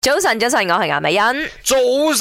早晨，早晨，我係顏美欣、嗯。早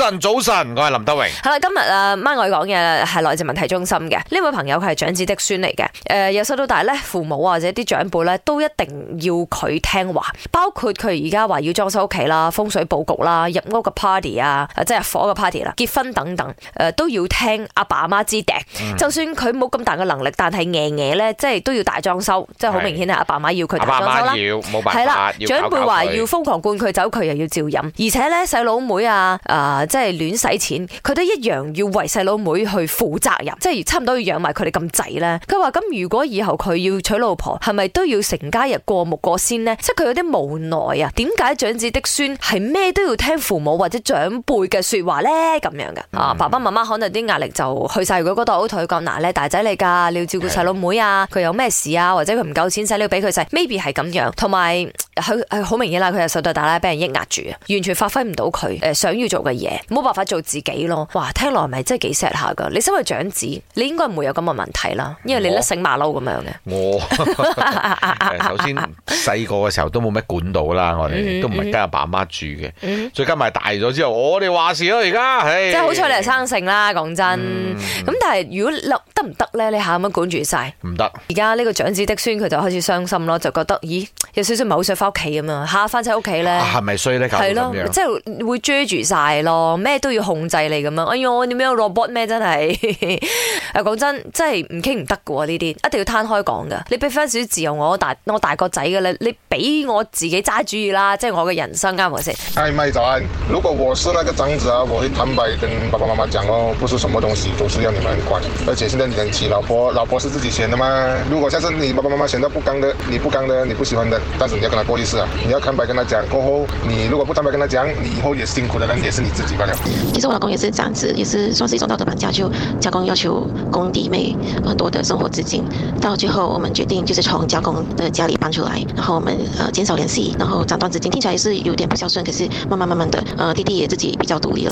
晨，早晨，我係林德榮。係啦，今日啊，孖我講嘅係內地問題中心嘅呢位朋友，佢係長子嫡孫嚟嘅。誒、呃，由細到大咧，父母或者啲長輩咧都一定要佢聽話，包括佢而家話要裝修屋企啦、風水布局啦、入屋個 party 啊，即係火個 party 啦、結婚等等，誒、呃、都要聽阿爸阿媽支笛、嗯。就算佢冇咁大嘅能力，但係嘢嘢咧，即係都要大裝修，即係好明顯係阿爸媽要佢。大裝修。要冇辦法。係啦，長輩話要瘋狂灌佢走，佢又要照。而且咧，細佬妹啊，啊、呃，即係亂使錢，佢都一樣要為細佬妹去負責任，即係差唔多要養埋佢哋咁仔咁滯咧。佢話：咁如果以後佢要娶老婆，係咪都要成家人過目過先呢？即係佢有啲無奈啊。點解長子嫡孫係咩都要聽父母或者長輩嘅說話呢？咁樣㗎，啊，mm. 爸爸媽媽可能啲壓力就去晒佢嗰度同佢講：嗱，你大仔嚟㗎，你要照顧細佬妹啊。佢、mm. 有咩事啊？或者佢唔夠錢使，你要俾佢使。Maybe 係咁樣，同埋。佢好明顯啦，佢又受到打壓，俾人抑壓住啊，完全發揮唔到佢誒想要做嘅嘢，冇辦法做自己咯。哇，聽落係咪真係幾 sad 下噶？你身為長子，你應該唔會有咁嘅問題啦，因為你甩繩馬騮咁樣嘅。我、 哦、 首先細個嘅時候都冇咩管到啦，我哋都唔係跟阿爸阿媽住嘅，再、嗯嗯、加埋大咗之後，我哋話事咯。而家，即係好彩你係生性啦，講真。咁、嗯嗯、但係如果得唔得咧，你下咁樣管住晒，唔得。而家呢個長子的孫佢就開始傷心咯，就覺得咦，有少少冇想發。屋企咁啊，下翻晒屋企咧，係咪衰咧？係咯，即係會追住晒咯，咩都要控制你咁樣。哎呀，你咩有 robot 咩？真係，誒，講真，真係唔傾唔得噶呢啲，一定要攤開講噶。你俾翻少啲自由我，大我大個仔噶咧，你俾我自己揸主意啦，即係我嘅人生啱唔啱先？哎咪就、啊，如果我是那個長子啊，我會坦白跟爸爸媽媽講哦，不是什麼東西都是要你們管，而且現在年紀，老婆老婆是自己選的嘛。如果下次你爸爸媽媽選到不剛的，你不剛的，你不喜歡的、的，但是你要跟他過意思啊，你要坦白跟他講。過後，你如果不坦白跟他講，你以後也辛苦的，人也是你自己罷了。其實我老公也是這樣子，也是算是一種道德綁架，就家公要求供弟妹很多的生活資金。到最後，我們決定就是從家公的家裏搬出來，然後我們呃減少聯繫，然後斬斷資金。聽起來也是有點不孝順，可是慢慢慢慢的，呃，弟弟也自己比較獨立了。